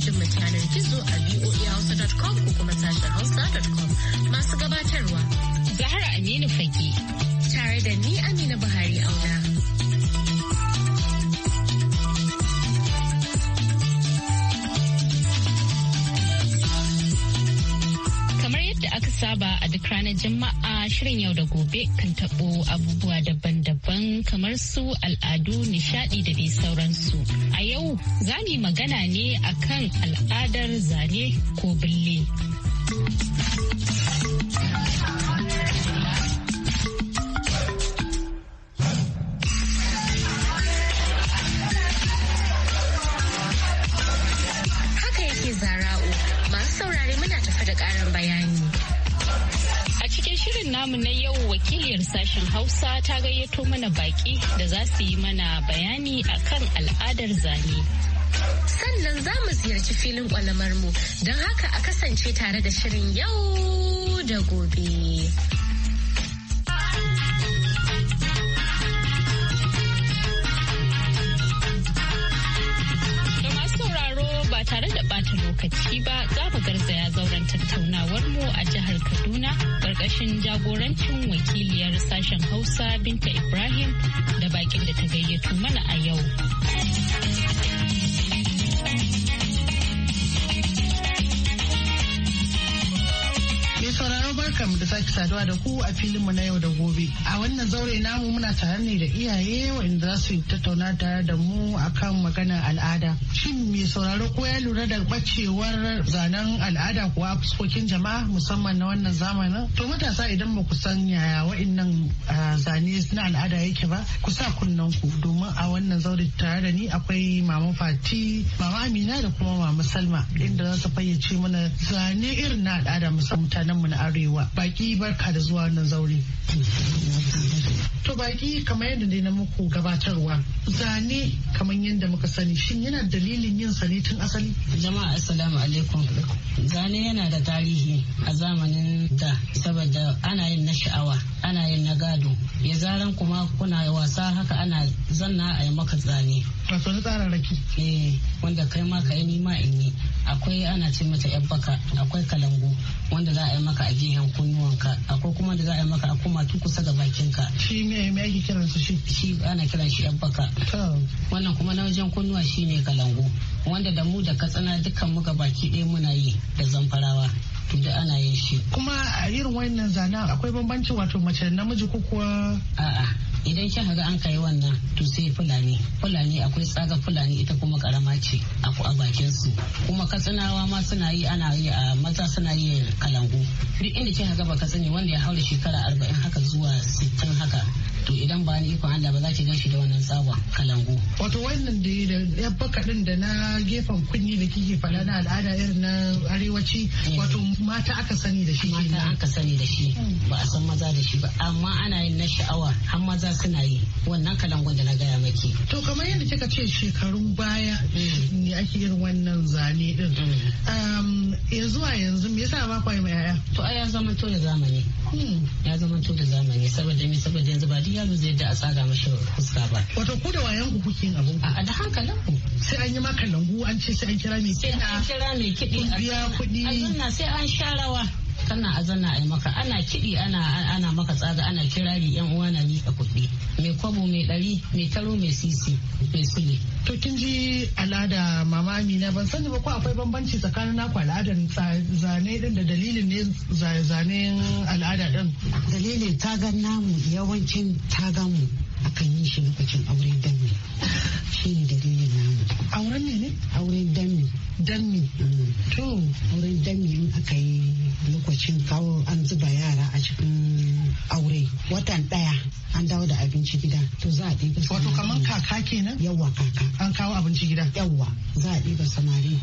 jin mu yanar gizo a voahausa.com ko kuma sashen hausa.com masu gabatarwa. Zahra Aminu Fage. Tare da ni Amina Buhari Auna. saba a duk ranar jama'a shirin yau da gobe kan tabo abubuwa daban-daban kamar su al'adu, nishadi da dai sauransu. A yau za mu yi magana ne akan al'adar zane ko bille. namu na yau wakiliyar sashen Hausa ta gayyato mana baki da za su yi mana bayani akan al'adar zane. Sannan za mu ziyarci filin mu don haka a kasance tare da shirin yau da gobe. tare da bata lokaci ba za mu garzaya zauren tattaunawar mu a jihar Kaduna ƙarƙashin jagorancin wakiliyar sashen Hausa Binta Ibrahim da bakin da ta gayyato mana a yau. Mai sauraro barkamu da sake saduwa da ku a filin mu na yau da gobe. A wannan zaure namu muna tare ne da iyaye wanda za su tattauna tare da mu akan magana al'ada. Shin mai sauraro ko ya lura da bacewar zanen al'ada kuwa fuskokin jama'a musamman na wannan zamanin? To matasa idan ba ku san yaya waɗannan zane na al'ada yake ba, ku sa kunnen ku domin a wannan zaure tare da ni akwai mama Fati, mama Amina da kuma mama Salma inda za su fayyace mana zane irin na al'ada musamman mutanenmu na Arewa. Baƙi baki barka da zuwa nan zaure to baki kamar yadda dai na muku gabatarwa zane kamar yadda muka sani shin yana dalilin yin sani tun asali jama'a assalamu alaikum zane yana da tarihi a zamanin da saboda ana yin na sha'awa ana yin na gado ya zaran kuma kuna wasa haka ana zanna a yi maka zane wato na tsararraki eh wanda kai ma ka yi nima in yi akwai ana ce mata yan baka akwai kalangu wanda za a yi maka a gehen kunnuwanka akwai kuma da za a yi maka a kuma tu kusa bakin ka. shi me me ake kiran su shi shi ana kiran shi yan baka wannan kuma na wajen kunnuwa shine kalangu wanda da mu da katsina dukkan mu baki ɗaya muna yi da zamfarawa da ana yin shi kuma a irin wannan zana akwai bambancin wato mace namiji ko kuwa a'a idan kika ga an kai wannan to sai fulani fulani akwai tsaga fulani ita kuma karama ce aku a bakin su kuma katsinawa ma suna yi ana yi a maza suna yi kalangu duk inda kika ga baka sani wanda ya haura shekara arba'in haka zuwa sittin haka to idan ba ni ikon Allah ba za ki ganshi da wannan tsawa kalangu. Wato wannan da ya baka din da na gefen kunni da kike fala na al'ada irin na arewaci eh. wato mata aka sani da shi. Mata aka sani da shi hmm. ba a san maza da shi ba amma ana yin na sha'awa har maza suna yi wannan kalangun da na gaya maki. To kamar yadda kika ce shekarun baya hmm. ne ake irin wannan zane din. Hmm. Um, ya zuwa yanzu me yasa ba kwai yi ma yaya? To ai ya zama to da zamani. Ya zama to da zamani saboda me saboda yanzu ba yaro zai da a tsaga mashi fuska ba. Wato ku da wayan ku kuke yin abin A da hankalin ku. Sai an yi maka langu an ce sai an kira mai kiɗa. Sai an kira mai kiɗi. Kun biya kuɗi. A sai an sha rawa. kana a zanna a maka ana kiɗi ana ana maka tsaga ana kirari yan uwa na miƙa kuɗi mai kwabo mai ɗari mai taro mai sisi mai sule. to kin ji al'ada mama amina ban sani ba ko akwai bambanci tsakanin naku al'adar zane din da dalilin ne zane al'ada ɗin. dalilin tagan namu yawancin tagan mu akan yi shi lokacin auren dami shi ne dalilin namu auren ne ne auren dami dami mm. to auren dami in aka yi lokacin kawo an zuba yara a cikin aure watan daya an dawo da abinci gida to za a ɗiba wato kamar kaka kenan yawa kaka an kawo abinci gida yawa za a ɗiba samari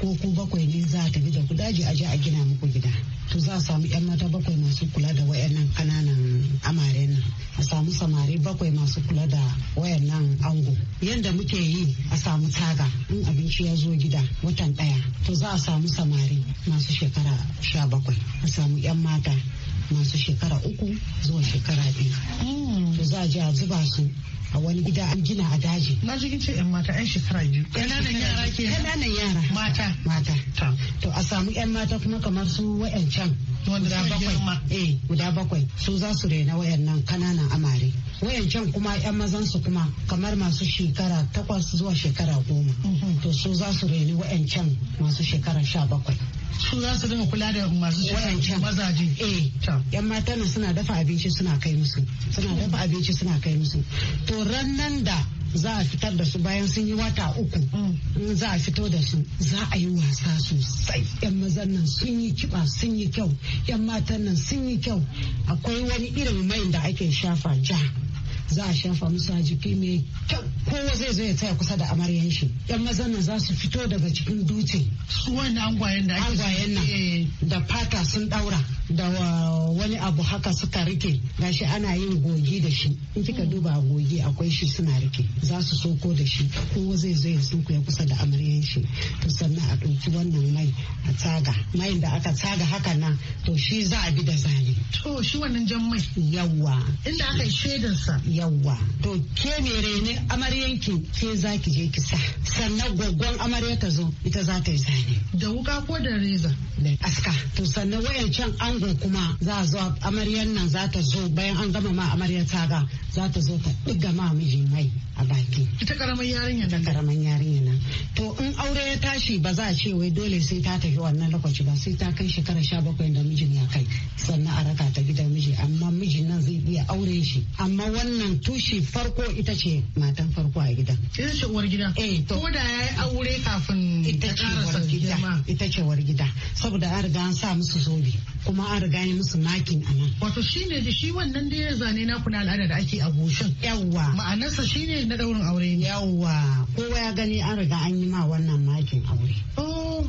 ko ku bakwai ne za a tafi da ku daji a je a gina muku gida to za a samu yan mata bakwai masu kula da wayannan kananan amare nan a samu samari bakwai masu kula da wayannan ango yanda muke yi a samu taga in abinci ya zo gida watan daya to za a samu samari masu shekara sha bakwai a samu yan mata masu shekara uku zuwa shekara biyu. Hmm. To za a je a zuba su a wani gida an gina a daji. Na ji ce yan mata yan shekara biyu. Ƙananan yara ke Ƙananan yara. Mata. Mata. To a samu yan mata kuma kamar su wa'yancan. Guda bakwai. Eh guda bakwai. Su za su rena wayannan ƙananan amare. Wayancan kuma yan mazan su kuma kamar masu shekara takwas zuwa shekara goma. Mhm. To su za su reni wayancan masu shekara sha bakwai. su za su dinga kula da masu wadancan mazaje eh yan mata na suna dafa abinci suna kai musu suna dafa abinci suna kai musu to ran da za a fitar da su bayan sun yi wata uku mm. za a fito da su za a yi wasa sosai yan mazan nan sun yi kiba sun yi kyau yan matan nan sun yi kyau akwai wani irin mai da ake shafa ja za a shafa musu a jiki mai kyau kowa zai zo ya taya kusa da amaryan shi yan mazan nan za su fito daga cikin dutse su wani angwayen da angwayen nan eh. da fata sun daura da wani abu haka suka rike gashi ana yin gogi da shi in kika duba gogi akwai shi suna rike za su soko da shi kowa zai zo ya soko ya kusa da amaryan shi to sannan a ɗauki wannan mai a tsaga mai da aka tsaga haka na to shi za a bi da zane to shi wannan jan mai yawwa inda aka yi shaidarsa yawwa to ke mere ne ki ke zaki je ki sa sannan gwaggon amarya ta zo ita za ta yi zane da wuka ko da reza da aska to sannan can ango kuma za a zo amaryan nan za ta zo bayan an gama ma amarya ga za ta zo ta diga ma miji mai a baki ita karamar yarinya ta karaman yarinya nan to in aure ya tashi ba za a ce wai dole sai ta tafi wannan lokaci ba sai ta kai shekara sha bakwai da mijin ya kai sannan a raka ta gidan miji amma miji ya aure shi amma wannan tushe farko ita ce matan farko a gidan ita ce uwar gida eh to ko da yayi aure kafin ita ce uwar gida ita ce uwar gida saboda an riga an sa musu zobe kuma an riga ni musu makin a nan. Wato shi ne shi wannan ya zane na kuna al'ada da ake a Yawwa. Ma'anarsa shi ne na daurin aure Yawwa. Kowa ya gani an riga an yi ma wannan makin aure. Oh,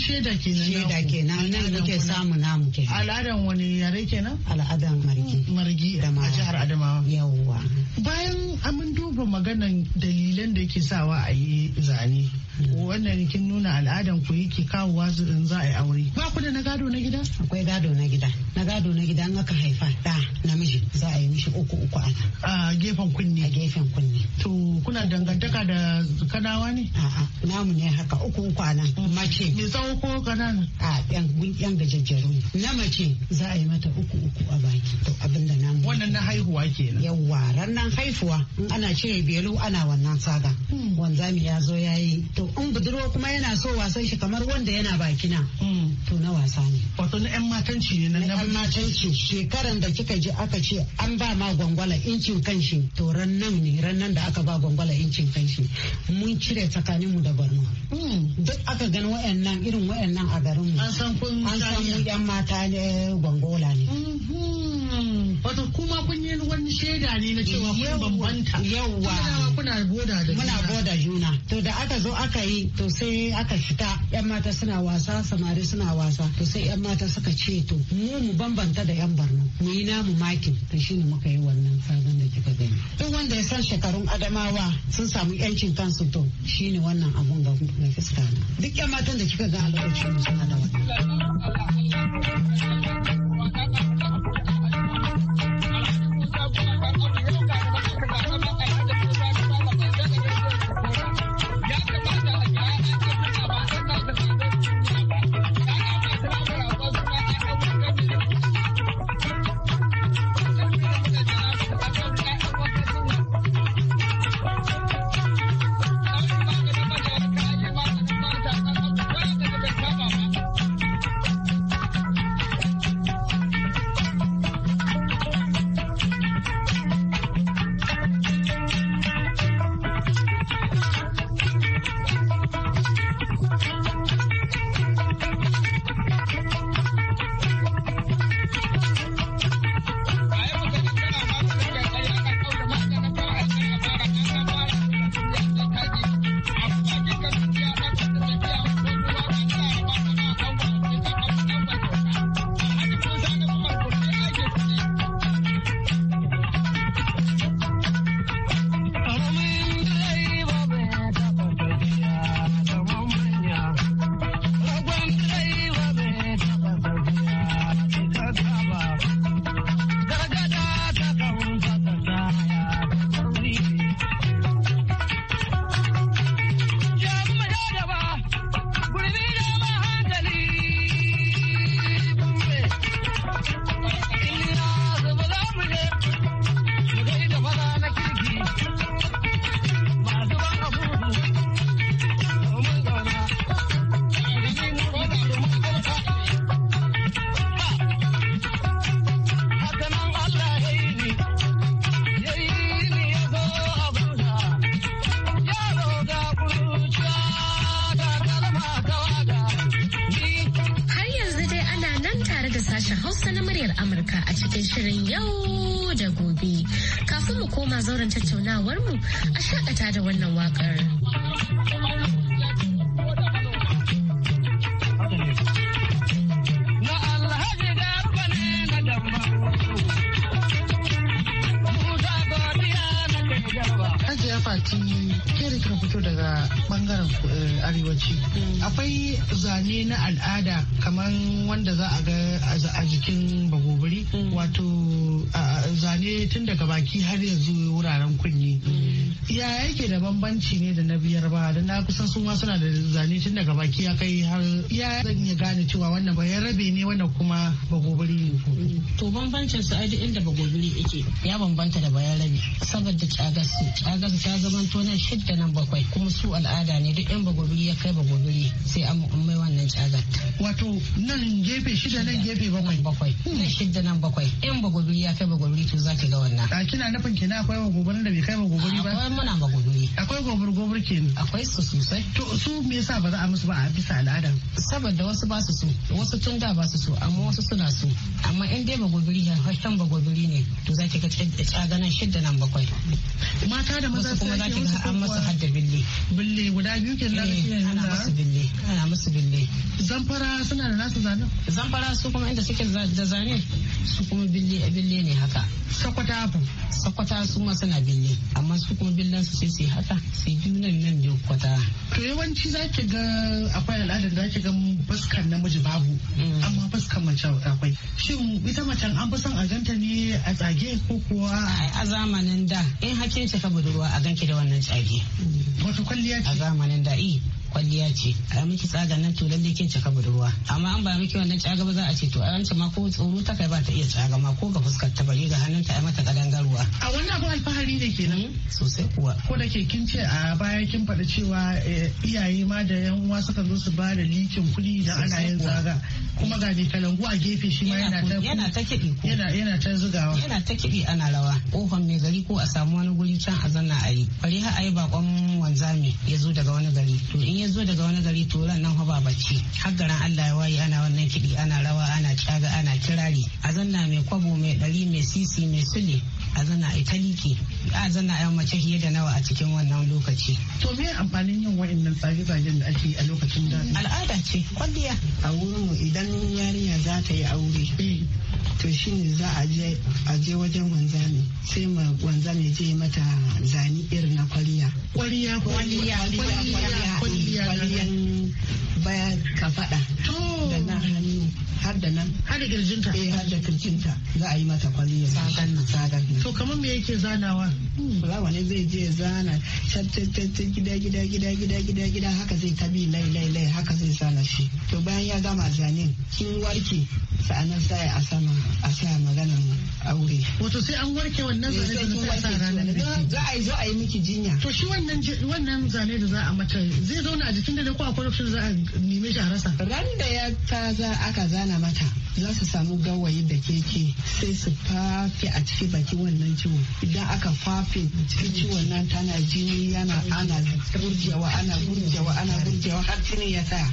shaida kenan. Shaida kenan nan muke samu namu kenan. Al'adan wani yare kenan? Al'adan margi. Margi a jihar Adamawa. Yawwa. Bayan amin duba maganan dalilan da ke sawa a yi zane. Hmm. Wannan kin nuna al'adan ku yake kawowa in za a yi aure. Ba ku da na gado na gida? Akwai gado na gida na gado na gida an aka haifa da namiji za a yi mishi uku uku ana a gefen kunne a gefen kunne to kuna dangantaka da kanawa ne a'a namu ne haka uku uku ana mace me tsawo ko kanana a yan yan jajjaru na mace za a yi mata uku uku a baki to abinda namu wannan na haihuwa kenan yawa ranar haihuwa in ana ce belu ana wannan saga hmm. wanzami ya zo yayi to in budurwa kuma yana so wasan shi kamar wanda yana bakina hmm. to na wasa ne. Wato na 'yan matanci ne na matan matanci. Shekaran da kika ji aka ce an ba ma gwangwala incin kanshi to ran nan ne ran nan da aka ba gwangwala incin kanshi mun cire tsakanin mu da barno hmm. Duk aka gani wa'annan irin wa'annan a garin mu. An san kun an san mu 'yan mata ne gwangwala ne. Hmm. kuma kun yi wani shaida ne na cewa mun bambanta yawwa kuna boda da muna boda juna to da aka zo aka yi to sai aka fita yan mata suna wasa samari suna wasa to sai yan mata suka ce to mu mu bambanta da yan barno mu yi namu makin to shine muka yi wannan sabon da kika gani duk wanda ya san shekarun adamawa sun samu yancin kansu to shine wannan abun ga fuska duk yan matan da kika ga a lokacin suna da wannan cikin shirin yau da gobe. Kafin mu koma zauren tattaunawar mu a shakata da wannan wakar. na al'ada kamar wanda za a ga a jikin bagobiri mm. wato zane tun daga baki har yanzu wuraren kunni mm. ya yake da bambanci ne da na biyar ba da na kusan suma suna da zane tun daga baki ya kai har ya zan iya gane cewa wannan bayan rabe ne wannan kuma bagobiri ne mm. to bambancin su aji inda bagobiri yake ya bambanta da bayan rabe saboda kyagasu kyagasu ta zamanto nan shidda nan bakwai kuma su al'ada ne duk yan bagobiri ya kai bagobiri sai an mai wannan tsagarta. Wato nan gefe shida nan gefe bakwai. Bakwai. Hmm. Nan shida nan bakwai. In bagwaguri ya kai bagwaguri to za ki ga wannan. A kina nufin kenan akwai bagwaguri da bai kai bagwaguri ba? Akwai muna bagwaguri. Akwai gobir gobir kenan. Akwai su sosai. To su me yasa ba za a musu ba a bisa al'ada? Saboda wasu ba su so wasu tun da ba su so amma wasu suna so amma in dai bagwaguri ya hakan bagwaguri ne to za ki ga tsaganan shida nan bakwai. Mata da maza kuma za ki ga an masu hadda bille. Bille guda biyu kenan. Eh, ana musu bille. Ana musu bille. zamfara suna da nasu zanen zamfara su kuma inda suke da zane su kuma bille ne haka sakwata abu sakwata su ma suna bille amma su kuma billan su sai su haka su yi nan nan biyu kwata to yawanci za ki ga akwai al'adar da ki ga baskan namiji babu mm. amma baskan mace akwai shin ita macen an fi son a ganta ne a tsage ko kuwa a zamanin da in hakin ka budurwa a ganki da wannan tsage wato kwalliya a zamanin da i kwalliya ce a miki tsaga nan to lalle kin cika budurwa amma an ba miki wannan tsaga ba za a ce to an ma ko tsoro ta kai ba ta iya tsaga ma ko ga fuskar ta bare ga hannunta a mata kadangarwa a wannan abu alfahari ne kenan eh, sosai kuwa ko da ke kin ce a baya kin faɗa cewa eh, iyaye ma da yan uwa suka zo su ba da likin kuɗi da ana yin tsaga kuma ga ne kalangu a gefe shi ma yana ta yana ta kiɗi yana ta zugawa yana ta kiɗi ana rawa kofar mai gari ko a samu wani guri can a zanna a yi bari har a yi bakon wanzami ya zo daga wani gari to in ya zo daga wani gari turan nan haba bacci har garin Allah ya waye ana wannan kidi ana rawa ana caga ana kirari a zanna mai kwabo mai dari mai sisi mai sule a zana a liƙe a zana yan mace fiye da nawa a cikin wannan lokaci. To me amfanin yin waɗannan tsage-tsagen da ake a lokacin da? Al'ada ce kwalliya. A wurin idan yarinya za ta yi aure. Eh. To shi ne za a je wajen wanzami sai ma wanzami je mata zani irin na kwalliya. Kwalliya kwalliya kwalliya kwalliya kwalliya baya kafaɗa. Da kwalliya, hannu. har da nan har da kirjinta eh har da kirjinta za a yi mata kwalliya sagan nan sagan to kamar me yake zanawa hmm, fulawa wani zai je zana tattattattun gida gida gida gida gida gida haka zai tabi lai lai lai haka zai zana shi to bayan ya gama zanin kin warke sa'anan sai a sama a sa maganar aure wato sai an warke wannan eh, zane da za a za a yi zo a yi miki jinya to shi wannan wannan zane da za a mata zai zauna a jikin da ko a kwarafin za a nime shi a rasa ran da ya ta za aka zana mata za su samu gawayi da keke sai su fafe a cikin baki wannan ciwon idan aka fafe cikin ciwon nan tana jini yana ana gurjewa ana gurjewa ana gurjewa har jini ya tsaya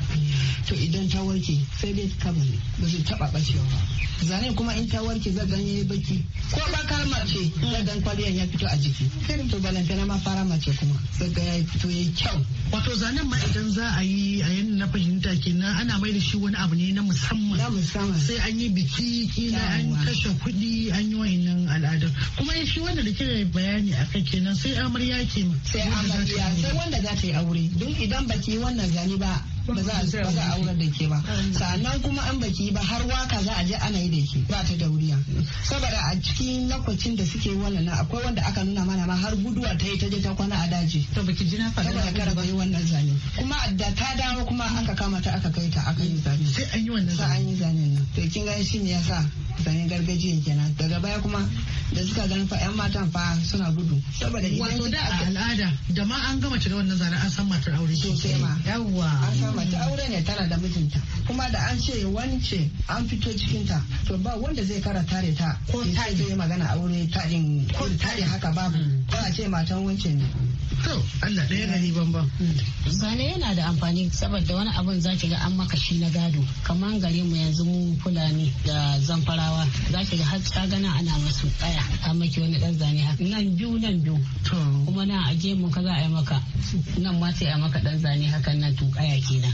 to idan ta warke sai dai kamar ba zai taba bacewa ba zane kuma in ta warke zan yi baki ko baka mace dan kwaliyan ya fito a jiki to na ma fara mace kuma ga yayi fito yayi kyau wato zanen ma idan za a yi a yanda na fahimta kenan ana mai da shi wani abu ne na musamman musamman sai an yi biki kila an kashe kuɗi an yi wayannan al'ada kuma shi wanda da kira bayani a kai kenan sai amarya ke sai amarya sai wanda za ta yi aure duk idan baki wannan zane ba ba za a aurar da ke ba sannan kuma an baki ba har waka za a je ana yi da ke ba ta dauriya saboda a cikin lokacin da suke wannan akwai wanda aka nuna mana ma har guduwa ta yi ta je ta kwana a daji to baki jina fa da saboda kada yi wannan zane kuma da ta dawo kuma aka kama ta aka kai ta aka yi zane sai an yi wannan sai an yi zane nan to kin ga shi ne yasa zanen gargajiya kenan daga baya kuma da suka gani fa yan matan fa suna gudu saboda wato da al'ada da ma an gama cire wannan zane an san matar aure sosai ma yawwa mace aure ne tana da mijinta kuma da an ce wance an fito cikin ta to ba wanda zai kara tare ta ko ta yi magana aure tarin ko tare haka babu ko mm. a ce matan wance ne to Allah ɗaya gari bambam. Mm. Zane yana da amfani saboda wani abun za ki ga an maka shi na gado kamar gare mu yanzu mu Fulani da Zamfarawa za ki ga har ta gana ana masu tsaya an maki wani ɗan zane haka nan biyu nan biyu. Kuma na aje mu ka za a yi maka nan ma sai a maka ɗan zane hakan nan tuƙaya ke gida.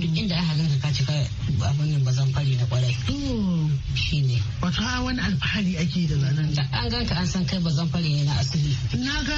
duk inda aka ganka ka cika abin nan bazan fari na kwarai shi ne wato a wani alfahari ake da zanen da an ganka an san kai bazan fari ne na asali na ga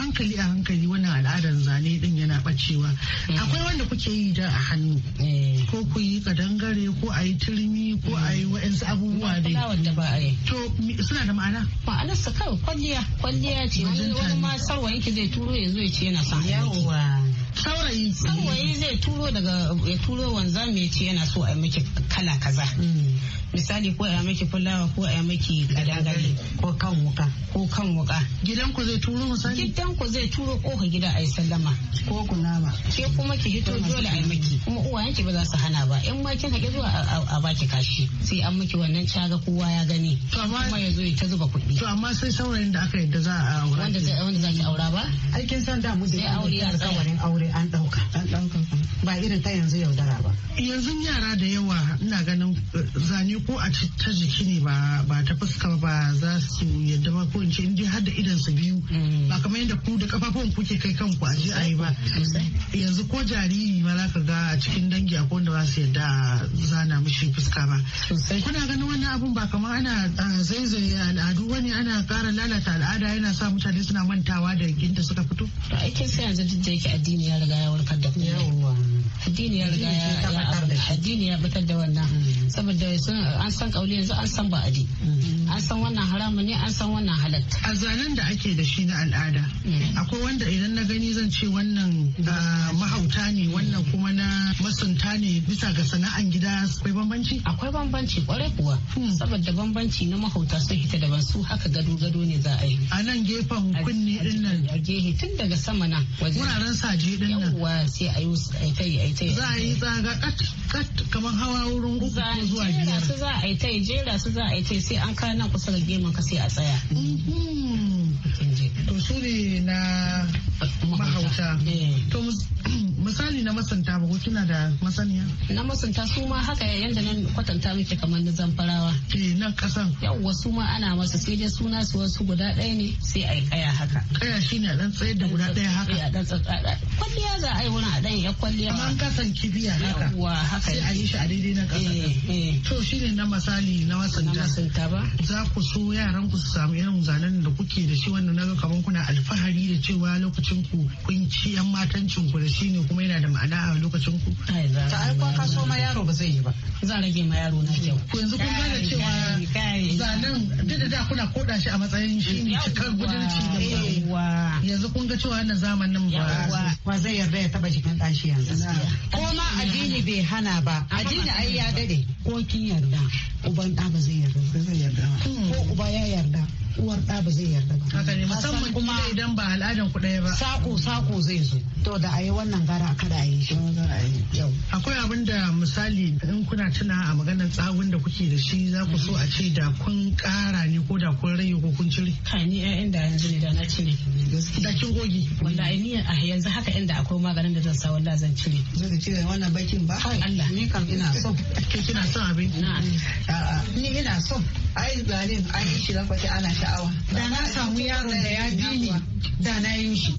hankali a hankali wannan al'adar zane din yana bacewa mm. akwai wanda kuke yi da a hannu eh. ko ku yi kadangare ko a yi turmi ko a yi wa'ansu abubuwa dai wanda ba a yi to suna da ma'ana ma'anarsa kawai kwalliya kwalliya ce wani ma sarwa yake zai turo ya zo ya ce yana sa yawa saurayi saurayi zai turo daga ya turo wanzan mai ce yana so a miki kala kaza mm. misali ko a miki fulawa ko a miki kadangare ko kan wuka ko kan wuka gidan ku zai turo misali gidan ku zai turo koka gida a yi sallama ko ku nama ke kuma ki hito dole a miki kuma uwayen ki ba za su hana ba in ma kin haƙi zuwa a baki kashi sai an miki wannan caga kowa ya gani kuma ya zo ta zuba kuɗi to amma sai saurayin da aka yadda za a aura wanda za ki aura ba aikin san da mu da aure alƙawarin aure aure an ɗauka. An ɗauka. Ba irin ta yanzu yaudara ba. Yanzu yara da yawa ina ganin eh, zane ko a ta jiki ne ba ta fuska ba za su yadda ba ko in ce indai har da idan su biyu. Mm. Ba kamar yadda ku da kafafun kuke kai kanku a je a yi ba. Yanzu ko jariri ma za ka ga a cikin dangi a wanda ba su yadda zana mishi fuska ba. Kuna ganin wannan abun ba kamar ana zaizaye al'adu wani ana ƙara lalata al'ada yana sa mutane suna mantawa da inda suka fito. ake sai a duk da yake addini ya riga ya warkar da kowa addini ya riga ya addini ya fitar da wannan mm. saboda an san kauli yanzu an san ba adi mm. an san wannan haramun ne an san wannan halatta a zanen da ake da shi na al'ada mm. akwai wanda idan na gani zan ce wannan ah, mahauta ne wannan kuma na masunta ne bisa ga sana'an gida akwai bambanci akwai bambanci kwarai kuwa hmm. saboda bambanci na mahauta sun hita da su haka gado gado ne za a yi a nan gefen kunne din nan a gehe tun daga sama na wuraren saje din nan yawwa sai a yi aitai aitai za a yi tsaga kat kat kamar hawa wurin uku zuwa biyar za a yi ta jera su za a yi ta sai an kana nan kusa da gemun ka sai a tsaya mhm. to su ne na mahauta eh. misali na masanta ba kina da masaniya na masanta su ma haka yanda nan kwatanta muke kamar na zamfarawa eh nan kasan yawwa su ma ana masa sai dai suna su wasu guda ɗaya ne sai ai kaya haka kaya shine a dan tsayar da guda ɗaya haka a dan tsada kwalliya za a yi wurin a dan ya kwalliya amma kasan kibiya haka yawwa haka sai a yi shi a daidai na kasa eh, eh. to shine na misali na masanta na masanta ba za ku so yaran ku su samu irin zanen da kuke da shi wannan naga kaman kuna alfahari da cewa lokacin ku kun ci yan matancin ku da shi ne kuma kuma yana da ma'ana a lokacin ku ta aiko ka so ma yaro ba zai yi ba za rage ma yaro na kyau yanzu kun gane cewa zanen duk da da kuna koda shi a matsayin shi ne cikar ci gaba. yanzu kun ga cewa wannan zamanin ba ba zai yarda ya taba jikin ɗashi yanzu ko ma addini bai hana ba addini ai ya dade ko kin yarda uban ɗa ba zai yarda ba zai yarda ko mm, uba ya yarda uwar ɗa ba zai yarda ba haka ne musamman kuma idan ba al'adan ku ɗaya ba sako sako zai zo to da ayi wannan gara kada ayi shi akwai abin da misali in kuna tuna a maganar tsawon da kuke da shi za ku so a ce da kun kara ne ko da kun rage ko kun cire ka ni ɗan inda yanzu ne da na cire da kin goge wallahi ni a yanzu haka inda akwai maganin da zan sa wallahi zan cire zan cire wannan bakin ba Allah ni kam ina so kina son abin a'a ni ina so ai zalim an yi shi lokaci ana sha'awa da na samu yaron da ya bi ni da na yi shi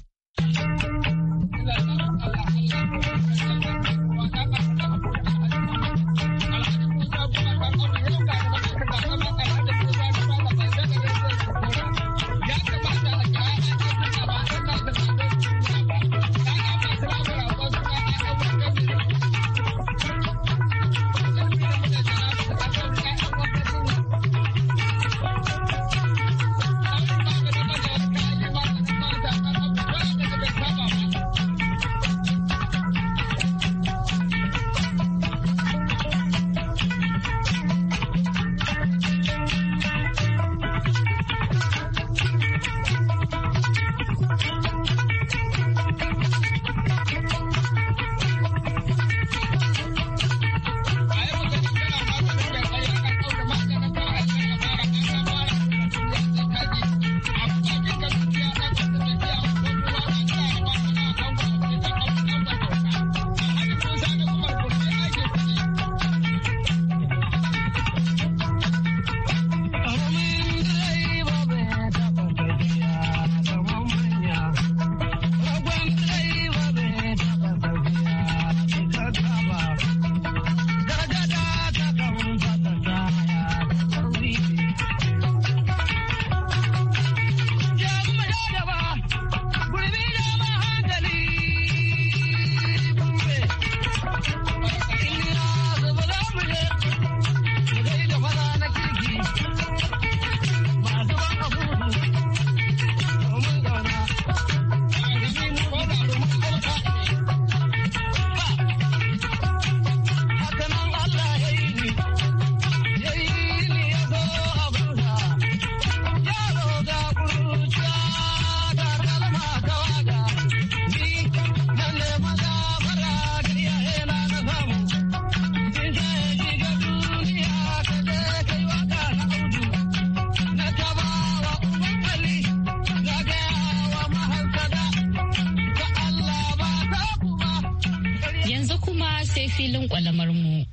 filin kwalamar mu.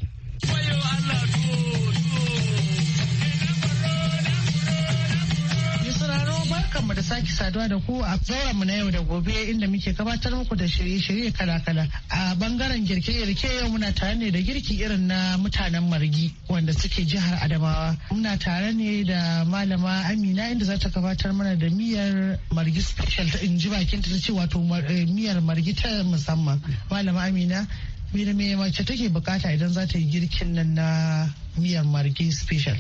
barkanmu da sake saduwa da ku a mu na yau da gobe inda muke gabatar muku da shirye-shirye kala-kala a bangaren girke-girke yau muna tare ne da girki irin na mutanen margi wanda suke jihar adamawa muna tare ne da malama amina inda za ta gabatar mana da miyar margi special in ji bakin ta ce wato eh, miyar margi ta musamman malama amina me me mace take bukata idan za ta yi girkin nan na miyan margi special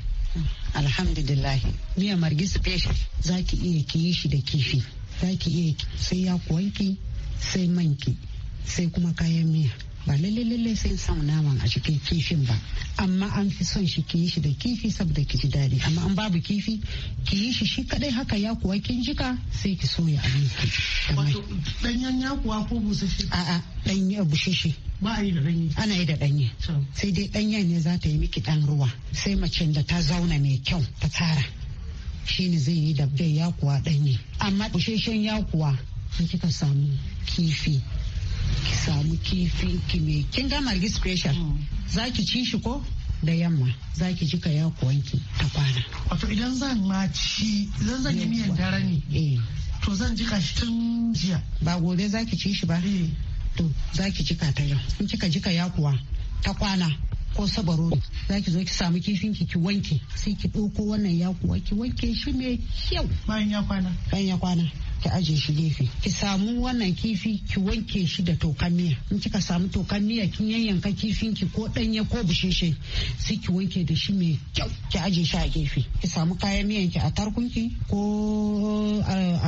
alhamdulillah miyan margi special za ki iya ki yi shi da kifi za ki iya sai ya kuwanki sai manki sai kuma kayan miya ba lalle lalle sai samu naman a cikin kifin ba amma an fi son shi ki yi shi da kifi saboda ki ji daɗi amma an babu kifi ki yi shi shi kadai haka ya kuwa kin jika sai ki soya abin ki danyen ya kuwa ko busasshe a'a danye busheshe ba a yi da danye ana yi da danye sai dai ɗanyen ne za ta yi miki ɗan ruwa sai macen da ta zauna mai kyau ta tsara ne zai yi da ya kuwa danye amma busheshen ya kuwa kika samu kifi ki samu kifin ki mai kin ga margis special hmm. za ki ci shi ko da yamma za ki ji ka ya kuwanki ta kwana. Wato idan zan ma ci idan zan yi miyan dare ne. Eh. To zan ji shi tun jiya. Ba gobe za ki ci shi ba? Eh. To za ki ji ta yau. In kika ka ya kuwa ta kwana ko sabaro za ki zo ki samu kifin ki ki wanke sai ki ɗauko wannan ya kuwa ki wanke shi mai kyau. Bayan ya kwana. Bayan ya kwana. ki aje shi gefe ki samu wannan kifi ki wanke shi da tokan miya in kika samu tokan miya kin yanyanka kifin ki ko danye ko busheshe sai ki wanke da shi mai kyau ki aje shi a gefe ki samu kayan miyan ki a tarkunki ko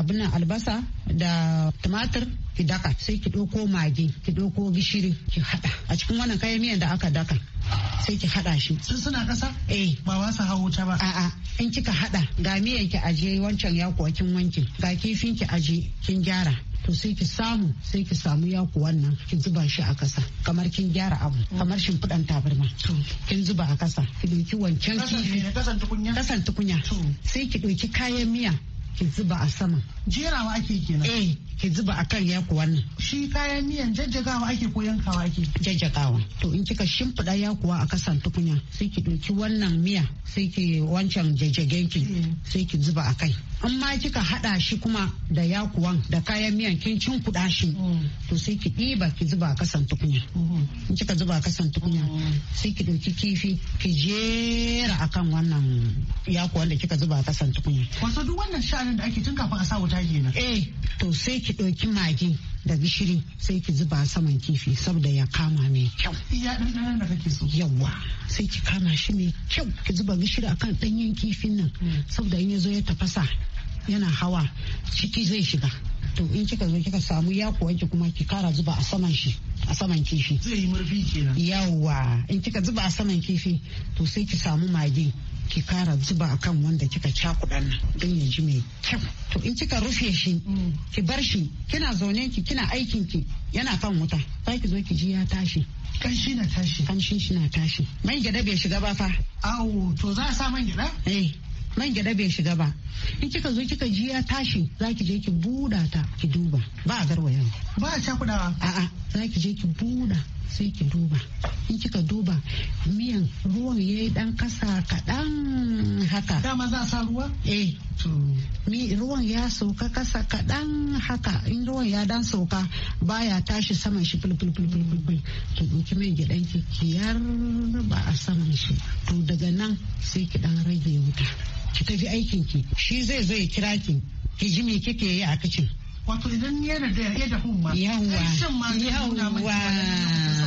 abin albasa da tumatir ki daka sai ki ɗauko magi ki ɗauko gishiri ki haɗa a cikin wannan kayan miyan da aka daka sai ki haɗa shi sun suna ƙasa eh ba wa su hawo ta ba a'a in kika haɗa ga miyan ki aje wancan ya kuwa kin wanke ga kifin ki aje kin gyara to sai ki samu sai ki samu yaku wannan ki zuba shi a kasa kamar kin gyara abu kamar shimfiɗan tabarma kin zuba a kasa ki ɗauki wancan kifi kasan tukunya sai ki ɗauki kayan miya ki zuba a sama. Jerawa ake kenan. Eh, ki zuba a kan yaku wannan. Shi kayan miyan jajjagawa ake ko yankawa ake? Jajjagawa. To in kika shimfiɗa yakuwa a kasan tukunya sai ki ɗauki wannan miya sai ki wancan jajjagenki eh. sai ki zuba a kai. In ma kika haɗa shi kuma da yakuwan da kayan miyan kin cin kuɗa shi. Mm. To sai ki ɗiba ki zuba a kasan tukunya. Mm-hmm. In kika zuba a kasan tukunya mm-hmm. sai ki ɗauki kifi ki jera a kan wannan yakuwan da kika zuba a kasan tukunya. Wato duk wannan sha'anin mutanen da ake tun kafin a sa wuta kenan eh to sai ki ɗauki magi da gishiri sai ki zuba saman kifi saboda ya kama mai kyau iya ɗanɗanon da kake so yawa sai ki kama shi mai kyau ki zuba gishiri akan ɗanyen kifin nan saboda in ya zo ya tafasa yana hawa ciki zai shiga to in kika zo kika samu ya kuwa ki kuma ki kara zuba a saman shi a saman kifi zai yi murfi kenan yawa in kika zuba a saman kifi to sai ki samu magi ki kara zuba akan wanda kika cakuɗa nan ya ji mai kyau to in kika rufe shi mm. ki bar shi kina zaune ki kina aikin ki yana kan wuta sai ki zo ki ji ya tashi kanshi na tashi kanshi shi na tashi man gyada bai shiga ba fa awo to za a sa man gyada eh man gyada bai shiga ba in kika zo kika ji ya tashi za ki je ki buɗa ta ki duba ba a garwayan ba a cakudawa a'a za ki je ki buɗa sai ki duba in kika duba miyan ruwan ya yi dan kasa kaɗan haka dama za a sa ruwa eh ruwan ya sauka kasa kaɗan haka in ruwan ya dan sauka baya tashi saman shi fulfulfulfulful ki ɗauki mai gidan ki kiyar ba a saman shi to daga nan sai ki dan rage wuta ki tafi aikin ki shi zai zai kira ki ki ji me kike yi a kicin wato idan ya da ya da humma yawwa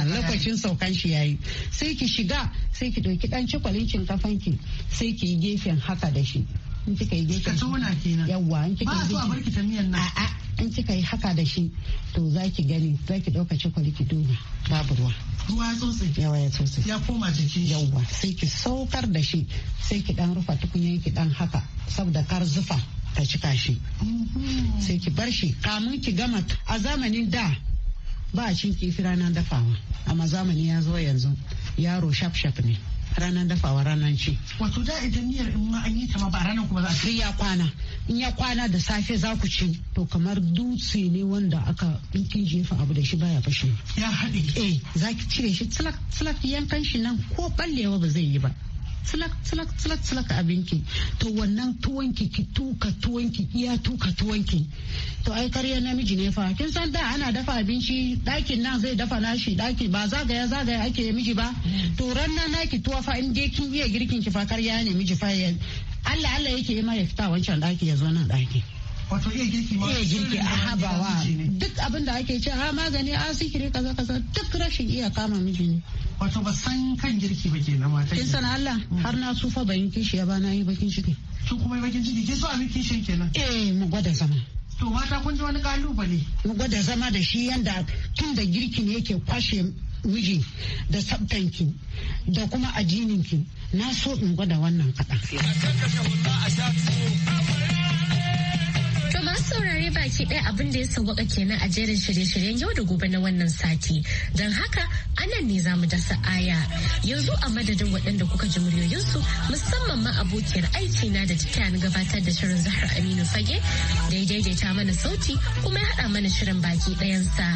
lokacin saukan shi yayi sai ki shiga sai ki ɗauki dan cikwalin shinkafan ki sai ki yi gefen haka da shi in kika yi gefen ka kenan yawwa in kika yi ba a barki ta miyan nan a in kika yi haka da shi to za ki gani za ki ɗauka cikwali ki duba babu ruwa ruwa ya tsotse yawa ya tsotse ya koma jiki yawwa sai ki saukar da shi sai ki dan rufa tukunyen ki dan haka saboda kar zufa ta cika shi sai ki bar shi kamun ki gama a zamanin da ba a cin kifi ranar dafawa amma zamani ya zo yanzu yaro shaf shaf ne ranar dafawa ranar ci. Wato da idan miyar in ma an yi ta ma ba ranar kuma za a ya kwana. In ya kwana da safe za ku ci to kamar dutse ne wanda aka ɗinkin kin jefa abu da shi baya fashe. Ya haɗe. Eh za ki cire shi tsilak tsilak yankan shi nan ko ballewa ba zai yi ba. tsilak tsilak tsilak abinki to wannan tuwanki ki tuka tuwanki iya tuka tuwanki to ai karya namiji ne fa kin san da ana dafa abinci dakin nan zai dafa nashi ɗaki ba zagaya zagaya ake miji ba to ranna naki tuwa fa in dai kin iya girkin ki fa karya ne miji fa Allah Allah yake yi ma ya fita wancan ɗaki ya zo nan ɗaki wato iya girki ma iya girki a habawa duk abinda ake ce a magani a sikiri kaza kaza duk rashin iya kama miji ne wato ba san kan girki ba kenan mata kin san Allah mm. har na sufa ban yin kishi ya ba na yi bakin ciki kin kuma yi bakin ciki ke so a miki kishin kenan eh mu gwada zama to mata kun ji wani kalubale mu gwada zama da shi yanda tun da girki ne yake kwashe miji da sabtanki da kuma ajininki na so in gwada wannan kaɗan. saurare baki ɗaya abin da ya sauwaka kenan a jerin shirye-shiryen yau da gobe na wannan sati. Don haka anan ne za mu dasa aya. Yanzu a madadin waɗanda kuka ji muryoyinsu musamman ma abokiyar aiki na da ta gabatar da shirin Zahra Aminu Fage da ya daidaita mana sauti kuma ya haɗa mana shirin baki ɗayansa.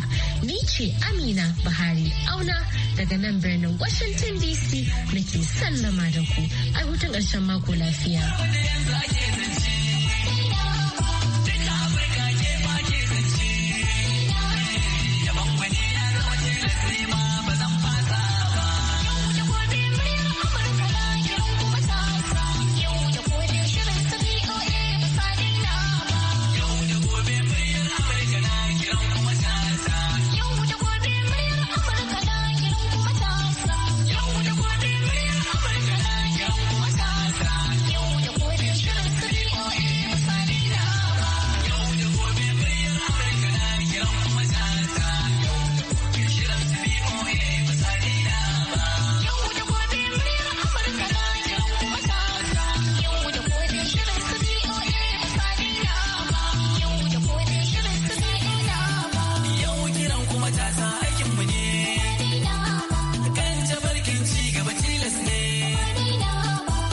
Ni ce Amina Buhari Auna daga nan birnin Washington DC nake sallama da ku. Ai hutun ƙarshen mako lafiya.